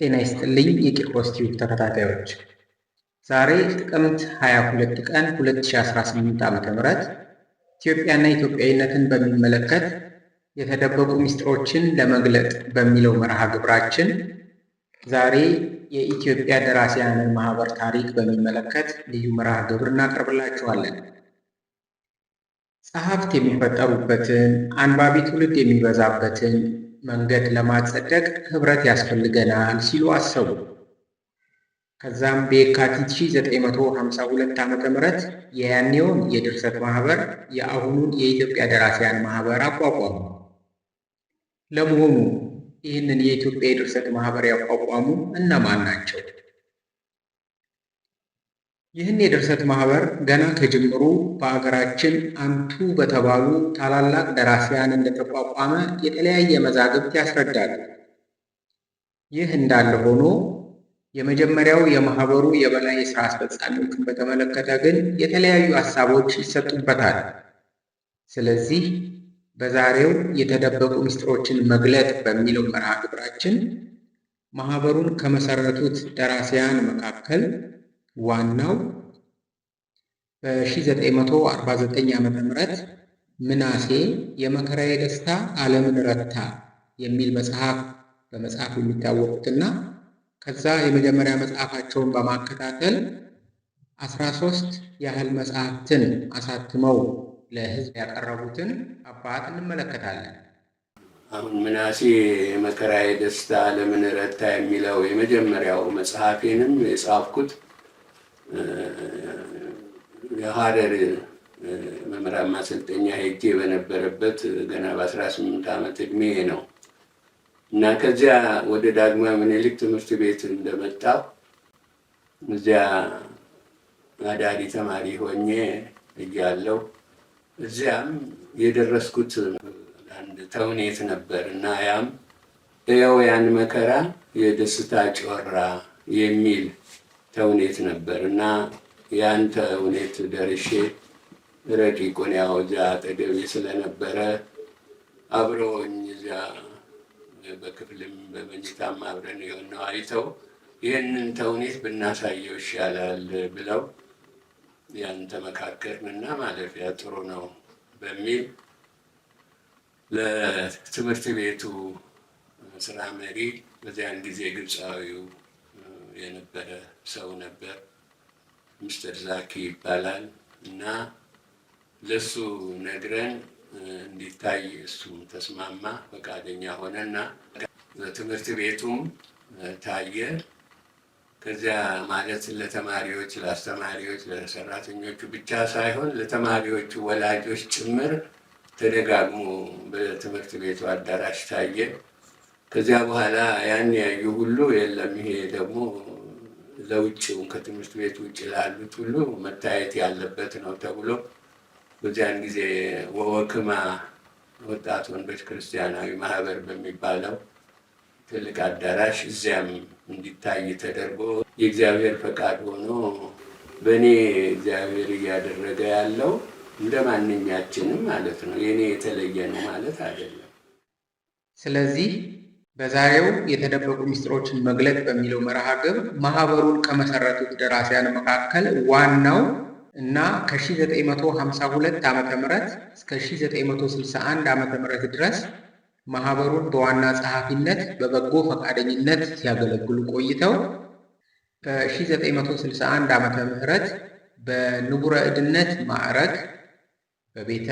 ጤና ይስጥልኝ የቂርቆስ ቲዩብ ተከታታዮች፣ ዛሬ ጥቅምት 22 ቀን 2018 ዓ.ም ኢትዮጵያና ኢትዮጵያዊነትን በሚመለከት የተደበቁ ምስጢሮችን ለመግለጥ በሚለው መርሃ ግብራችን ዛሬ የኢትዮጵያ ደራሲያንን ማህበር ታሪክ በሚመለከት ልዩ መርሃ ግብር እናቀርብላችኋለን። ጸሐፍት የሚፈጠሩበትን አንባቢ ትውልድ የሚበዛበትን መንገድ ለማጸደቅ ኅብረት ያስፈልገናል ሲሉ አሰቡ። ከዛም በየካቲት 1952 ዓ ም የያኔውን የድርሰት ማኅበር የአሁኑን የኢትዮጵያ ደራሲያን ማኅበር አቋቋሙ። ለመሆኑ ይህንን የኢትዮጵያ የድርሰት ማኅበር ያቋቋሙ እነማን ናቸው? ይህን የድርሰት ማህበር ገና ከጅምሩ በአገራችን አንቱ በተባሉ ታላላቅ ደራሲያን እንደተቋቋመ የተለያየ መዛግብት ያስረዳሉ። ይህ እንዳለ ሆኖ የመጀመሪያው የማህበሩ የበላይ የስራ አስፈጻሚዎችን በተመለከተ ግን የተለያዩ ሀሳቦች ይሰጡበታል። ስለዚህ በዛሬው የተደበቁ ምስጢሮችን መግለጥ በሚለው መርሃ ግብራችን ማህበሩን ከመሰረቱት ደራሲያን መካከል ዋናው በ1949 ዓ ም ምናሴ የመከራዬ ደስታ ዓለምን ረታ የሚል መጽሐፍ በመጽሐፍ የሚታወቁትና ከዛ የመጀመሪያ መጽሐፋቸውን በማከታተል 13 ያህል መጽሐፍትን አሳትመው ለህዝብ ያቀረቡትን አባት እንመለከታለን። አሁን ምናሴ የመከራዬ ደስታ ዓለምን ረታ የሚለው የመጀመሪያው መጽሐፌንም የጻፍኩት የሀረር መምህራን ማሰልጠኛ ሄጄ በነበረበት ገና በአስራ ስምንት ዓመት እድሜ ነው እና ከዚያ ወደ ዳግማዊ ምኒልክ ትምህርት ቤት እንደመጣ እዚያ አዳሪ ተማሪ ሆኜ እያለሁ እዚያም የደረስኩት አንድ ተውኔት ነበር እና ያም እየው ያን መከራ የደስታ ጮራ የሚል ተውኔት ነበር እና ያን ተውኔት ደርሼ ረቂቁን ያው እዚያ አጠገቤ ስለነበረ አብረውኝ እዚያ በክፍልም በመኝታም አብረን የሆነው አይተው ይህንን ተውኔት ብናሳየው ይሻላል ብለው ያን ተመካከርንና ማለፊያ ጥሩ ነው በሚል ለትምህርት ቤቱ ስራ መሪ በዚያን ጊዜ ግብፃዊው የነበረ ሰው ነበር። ሚስተር ዛኪ ይባላል እና ለሱ ነግረን እንዲታይ እሱም ተስማማ፣ ፈቃደኛ ሆነና ትምህርት ቤቱም ታየ። ከዚያ ማለት ለተማሪዎች ለአስተማሪዎች፣ ለሰራተኞቹ ብቻ ሳይሆን ለተማሪዎቹ ወላጆች ጭምር ተደጋግሞ በትምህርት ቤቱ አዳራሽ ታየ። ከዚያ በኋላ ያን ያዩ ሁሉ የለም ይሄ ደግሞ ለውጭው ከትምህርት ቤት ውጭ ላሉት ሁሉ መታየት ያለበት ነው ተብሎ በዚያን ጊዜ ወወክማ ወጣት ወንዶች ክርስቲያናዊ ማህበር በሚባለው ትልቅ አዳራሽ እዚያም እንዲታይ ተደርጎ የእግዚአብሔር ፈቃድ ሆኖ በእኔ እግዚአብሔር እያደረገ ያለው እንደ ማንኛችንም ማለት ነው። የእኔ የተለየ ነው ማለት አይደለም። ስለዚህ በዛሬው የተደበቁ ሚስጥሮችን መግለጥ በሚለው መርሃ ግብር ማህበሩን ከመሰረቱት ደራሲያን መካከል ዋናው እና ከ1952 ዓ ም እስከ 1961 ዓ ም ድረስ ማህበሩን በዋና ጸሐፊነት በበጎ ፈቃደኝነት ሲያገለግሉ ቆይተው በ 1961 ዓ ም በንቡረ እድነት ማዕረግ በቤተ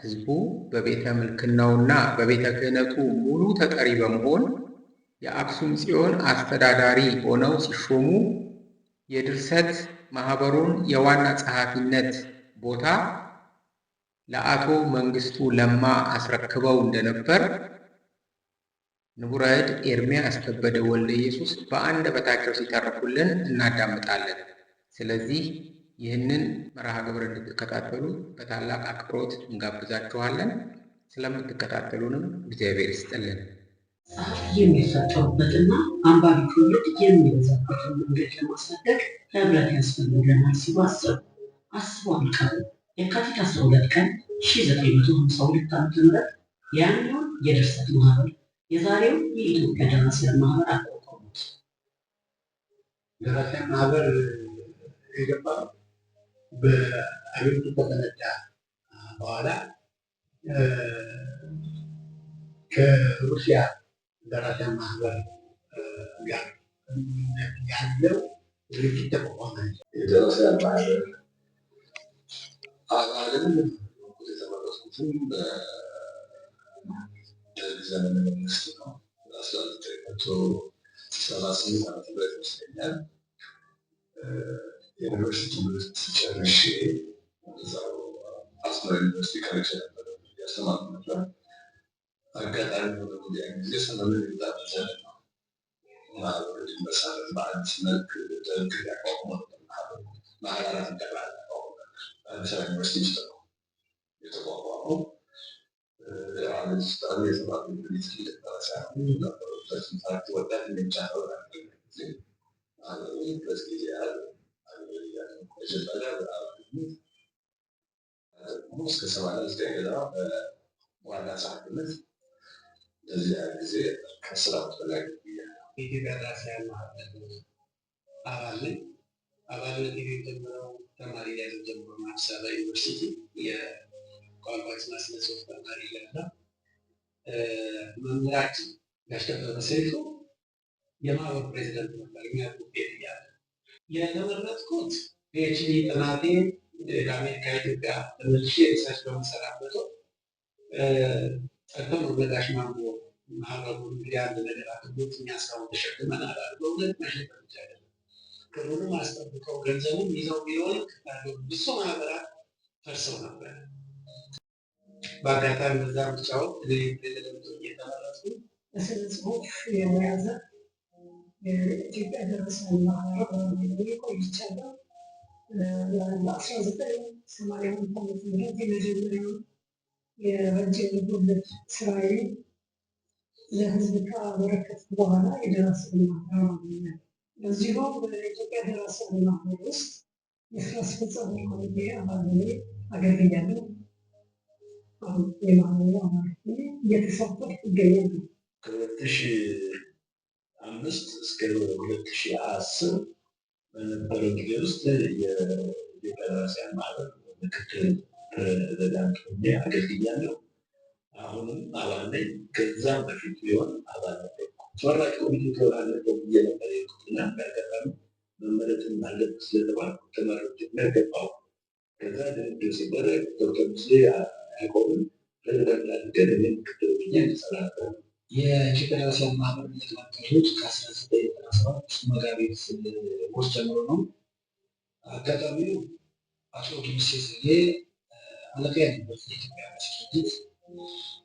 ሕዝቡ በቤተ ምልክናውና በቤተ ክህነቱ ሙሉ ተጠሪ በመሆን የአክሱም ጽዮን አስተዳዳሪ ሆነው ሲሾሙ የድርሰት ማህበሩን የዋና ጸሐፊነት ቦታ ለአቶ መንግስቱ ለማ አስረክበው እንደነበር ንቡረ እድ ኤርምያስ ከበደ ወልደ ኢየሱስ በታቸው ሲተርኩልን እናዳምጣለን። ስለዚህ ይህንን መርሃ ግብር እንድትከታተሉ በታላቅ አክብሮት እንጋብዛችኋለን። ስለምትከታተሉንም እግዚአብሔር ይስጥልን። የሚፈጠሩበትና አንባቢ ትውልድ የሚበዛበትን መንገድ ለማሳደግ ህብረት ያስፈልገናል ሲሉ አሰቡ። አስቡ አልቀሩ። የካቲት 12 ቀን 1952 ዓ ም የአንዱን የድርሰት ማህበር የዛሬው የኢትዮጵያ ደራሲያን ማህበር አቋቋሙት። ደራሲያን ማህበር የገባ በአቤቱታ ከነዳ በኋላ ከሩሲያ ደራሲያ ማህበር ጋር ያለው ድርጅት ተቋቋመ። የደራሲያ ማህበር አባልን የተመረጥኩትም ዘመነ መንግስት ነው። አስራ ዘጠኝ መቶ ሰባ ስምንት ዓመተ ምህረት ይመስለኛል። ዩኒቨርሲቲ ውስጥ ጨርሼ አስመራ ዩኒቨርሲቲ ቀርቼ ያስተማሩ ነበር። አጋጣሚ ሆነ ወዲያ ጊዜ ሰመመን የጣፈተ ማህበሮች መሳለ በአዲስ መልክ ደርግ ያቋቁሞ ማህበራት እንደባል ያቋቁሞ አበባ ዩኒቨርሲቲ ውስጥ ነው የተቋቋመው። ስጣሚ የተባሉ ሪት ሊጠቀሳ ነበሩ ፓርቲ ወዳት የሚቻለው ጊዜ በዚህ ጊዜ ያለው እስከ ሰማንያ ዘጠኝ ገደማ በዋና ጸሐፊነት ጊዜ ከስራ የኢትዮጵያ ደራሲያን ማህበር አባል ነኝ። አባልነት የጀመረው ተማሪ ጀምሮ አዲስ አበባ ዩኒቨርሲቲ የቋንቋና ስነ ተማሪ ለና መምህራችን ጋሽ ደበበ ሰይፉ የማህበሩ ፕሬዚደንት ነበር። የመረጥኩት ፒኤችዲ ጥናቴ ለአሜሪካ ኢትዮጵያ ተመልሼ ሪሰርች በምሰራበት ጠቅም ነጋሽ ማንጎ ማህበሩ እንግዲህ አንድ ነገር አድርጎት የሚያስራው ተሸክመናል አላል በእውነት መሸጥ ብቻ አይደለም ክብሩንም አስጠብቀው ገንዘቡም ይዘው ቢሆን ክታገሩ ብሶ ማህበራት ፈርሰው ነበር። በአጋጣሚ በዛ ምርጫው ተገለምቶ እየተመረጡ ስለ ጽሁፍ የሙያ የኢትዮጵያ ደረሰን ማህበር ወይ ቆይቻለሁ። በአስራ ዘጠኝ ሰማንያ ሁለት ዓመተ ምህረት የመጀመሪያውን የበጀ ልቦለድ ስራዬ ለህዝብ ካበረከት በኋላ የደራሰን ማህበር በዚሁ በኢትዮጵያ ደራሰን ማህበር ውስጥ የስራ አስፈጻሚ ኮሚቴ አባል ሆኜ አገልግያለሁ። አሁን የማህበሩ አባል እየተሳተፍኩ ይገኛለሁ። አምስት እስከ ሁለት ሺ አስር በነበረው ጊዜ ውስጥ የኢትዮጵያ ደራሲያን ማህበር ምክትል ፕሬዚዳንት ሆኜ አገልግያለሁ። አሁንም አባል ነኝ። ከዛም በፊት ቢሆን አባል ነበር። ተመራጭ ኮሚቴ ብዬ ነበር የቁጥና እንዳጋጣሚ መመረጥም አለበት ስለተባልኩ ተመረጥ ገባው። ከዛ ድርድር ሲደረግ ዶክተር ምስሌ አይቆምም ፕሬዚዳንት አድርገን ምክትል ብዬ ሰራ የኢትዮጵያ ደራሲያን ማህበር የተመሰረቱት ከአስራ ዘጠኝ ዘጠና ሰባት መጋቢት ወር ጀምሮ ነው። አጋጣሚው አቶ ዱምሴ ዘጌ አለቃ ያለበት የኢትዮጵያ መስጊድ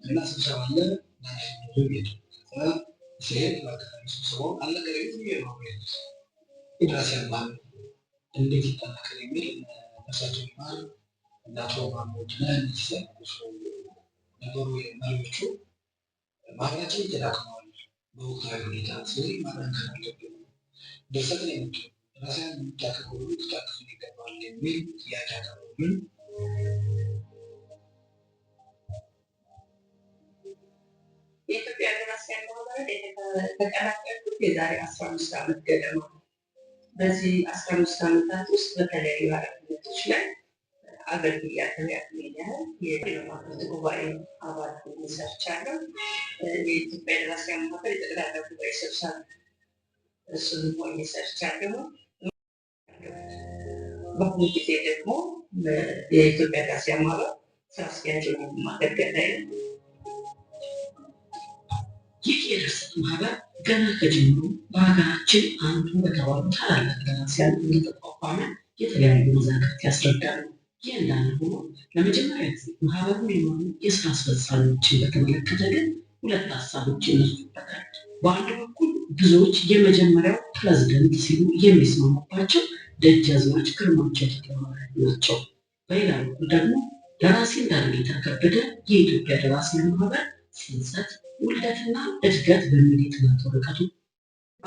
እና ስብሰባ አለ ሲሄድ በአጋጣሚ ስብሰባው አለቀ የደራሲያን ማህበር እንዴት ይጠናከል የሚል መሳቸው እና አቶ ማሞ ድነህ ነበሩ መሪዎቹ ባህሪያችን ተዳክመዋል። በወቅታዊ ሁኔታ ስለዚህ ማጠንከር አለብን። በሰቅን የምት ራሳን የምታክ ሆኑ ይገባል የሚል ጥያቄ አቀረብን። አስራ አምስት ገደማ በዚህ አስራ አምስት ዓመታት ውስጥ በተለያዩ ኃላፊነቶች ላይ አገልግያ ያክል ያህል ጉባኤ አባል ሰርቻለሁ። የኢትዮጵያ ደራሲያን ማዕከል የጠቅላላ ጉባኤ ሰብሳቢ እሱን ሆኜ ሰርቻለሁ። በአሁኑ ጊዜ ደግሞ የኢትዮጵያ ደራሲያን ማዕከል ስራ አስኪያጅ ማገልገል ላይ ነው። ይህ የድርሰት ማህበር ገና ከጀምሮ በሀገራችን አንዱ በተባሉ ታላላቅ ደራሲያን እንደተቋቋመ የተለያዩ መዛግብት ያስረዳሉ። ይህ እንዳለ ሆኖ ለመጀመሪያ ጊዜ ማህበሩ የሆኑ የስራ አስፈጻሚዎችን በተመለከተ ግን ሁለት ሀሳቦች ይነሱበታል። በአንድ በኩል ብዙዎች የመጀመሪያው ፕሬዝደንት ሲሉ የሚስማሙባቸው ደጃዝማች ግርማቸው ተክለሃዋርያ ናቸው። በሌላ በኩል ደግሞ ደራሲ እንዳርጌታ ከበደ የኢትዮጵያ ደራሲያን ማህበር ጽንሰት፣ ውልደትና እድገት በሚል የጥናት ወረቀቱ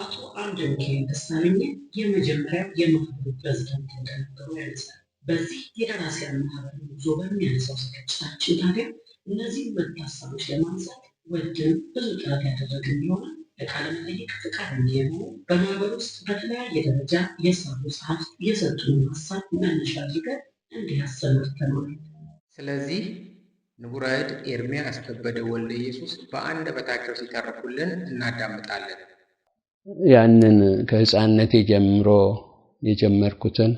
አቶ አንድ ሚካኤል ደሳለኝ የመጀመሪያው የማህበሩ ፕሬዝዳንት እንደነበሩ ያነሳል። በዚህ የደራሲያን ማህበር ጉዞ በሚያነሳው ዝግጅታችን ታዲያ ሁለት ሀሳቦች ለማንሳት ወድን ብዙ ጥረት ያደረግን ቢሆንም ለቃለ መጠይቅ ፍቃድ የሆኑ በማህበር ውስጥ በተለያየ ደረጃ የሰሩ ጸሐፍት የሰጡን ሀሳብ መነሻ አድርገን እንዲያሰምርተናል። ስለዚህ ንቡረ እድ ኤርሚያ አስከበደ ወልደ ኢየሱስ በአንደበታቸው ሲተርኩልን እናዳምጣለን። ያንን ከህፃንነቴ ጀምሮ የጀመርኩትን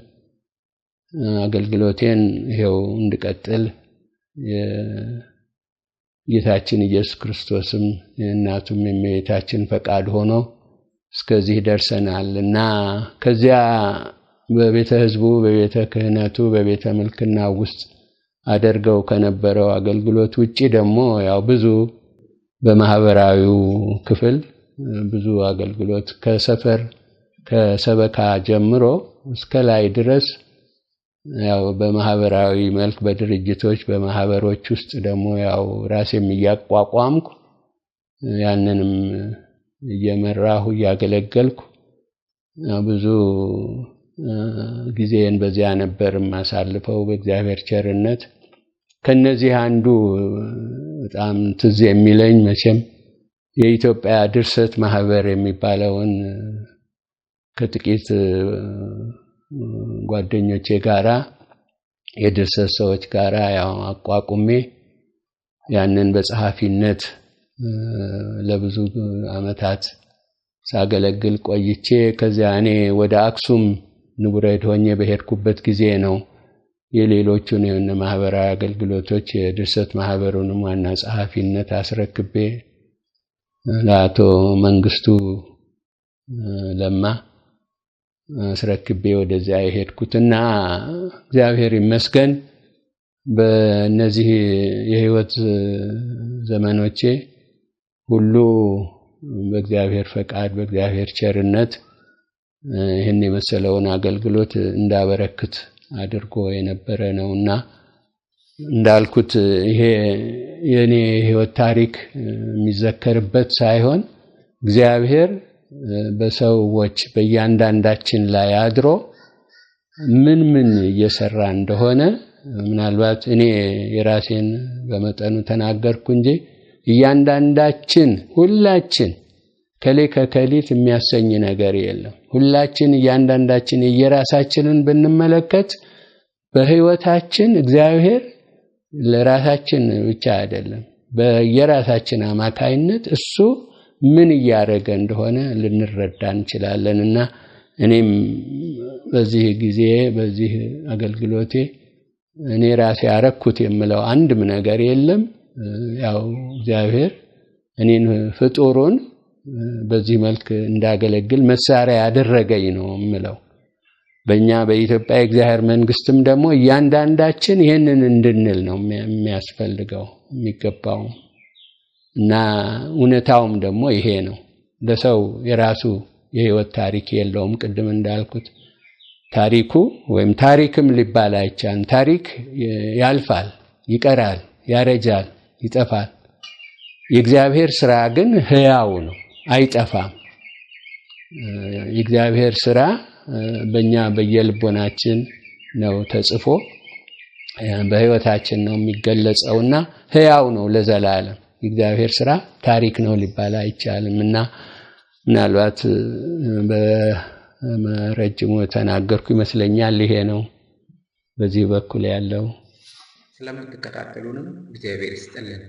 አገልግሎቴን ይኸው እንድቀጥል ጌታችን ኢየሱስ ክርስቶስም እናቱም የእመቤታችን ፈቃድ ሆኖ እስከዚህ ደርሰናል እና ከዚያ በቤተ ሕዝቡ በቤተ ክህነቱ በቤተ ምልክና ውስጥ አደርገው ከነበረው አገልግሎት ውጪ ደግሞ ያው ብዙ በማህበራዊው ክፍል ብዙ አገልግሎት ከሰፈር ከሰበካ ጀምሮ እስከ ላይ ድረስ ያው በማህበራዊ መልክ በድርጅቶች በማህበሮች ውስጥ ደግሞ ያው ራሴም እያቋቋምኩ ያንንም እየመራሁ እያገለገልኩ ብዙ ጊዜን በዚያ ነበር የማሳልፈው። በእግዚአብሔር ቸርነት ከነዚህ አንዱ በጣም ትዝ የሚለኝ መቼም የኢትዮጵያ ድርሰት ማህበር የሚባለውን ከጥቂት ጓደኞቼ ጋራ የድርሰት ሰዎች ጋራ ያው አቋቁሜ ያንን በጸሐፊነት ለብዙ ዓመታት ሳገለግል ቆይቼ ከዚያ እኔ ወደ አክሱም ንቡረት ሆኜ በሄድኩበት ጊዜ ነው የሌሎቹን የሆነ ማህበራዊ አገልግሎቶች የድርሰት ማህበሩንም ዋና ጸሐፊነት አስረክቤ ለአቶ መንግስቱ ለማ አስረክቤ ወደዚያ የሄድኩትና እግዚአብሔር ይመስገን በእነዚህ የህይወት ዘመኖቼ ሁሉ በእግዚአብሔር ፈቃድ በእግዚአብሔር ቸርነት ይህን የመሰለውን አገልግሎት እንዳበረክት አድርጎ የነበረ ነውና እንዳልኩት ይሄ የእኔ የህይወት ታሪክ የሚዘከርበት ሳይሆን እግዚአብሔር በሰዎች በእያንዳንዳችን ላይ አድሮ ምን ምን እየሰራ እንደሆነ ምናልባት እኔ የራሴን በመጠኑ ተናገርኩ እንጂ እያንዳንዳችን ሁላችን ከሌ ከከሊት የሚያሰኝ ነገር የለም። ሁላችን እያንዳንዳችን የየራሳችንን ብንመለከት በህይወታችን እግዚአብሔር ለራሳችን ብቻ አይደለም፣ በየራሳችን አማካይነት እሱ ምን እያደረገ እንደሆነ ልንረዳ እንችላለን እና እኔም በዚህ ጊዜ በዚህ አገልግሎቴ እኔ ራሴ አረኩት የምለው አንድም ነገር የለም። ያው እግዚአብሔር እኔን ፍጡሩን በዚህ መልክ እንዳገለግል መሳሪያ ያደረገኝ ነው የምለው። በእኛ በኢትዮጵያ የእግዚአብሔር መንግስትም ደግሞ እያንዳንዳችን ይህንን እንድንል ነው የሚያስፈልገው የሚገባው። እና እውነታውም ደግሞ ይሄ ነው። ለሰው የራሱ የህይወት ታሪክ የለውም። ቅድም እንዳልኩት ታሪኩ ወይም ታሪክም ሊባል አይቻልም። ታሪክ ያልፋል፣ ይቀራል፣ ያረጃል፣ ይጠፋል። የእግዚአብሔር ስራ ግን ህያው ነው፣ አይጠፋም። የእግዚአብሔር ስራ በእኛ በየልቦናችን ነው ተጽፎ በህይወታችን ነው የሚገለጸውና ህያው ነው ለዘላለም። የእግዚአብሔር ስራ ታሪክ ነው ሊባል አይቻልም እና ምናልባት በረጅሙ ተናገርኩ ይመስለኛል። ይሄ ነው በዚህ በኩል ያለው። ስለምትከታተሉንም እግዚአብሔር ይስጥልን።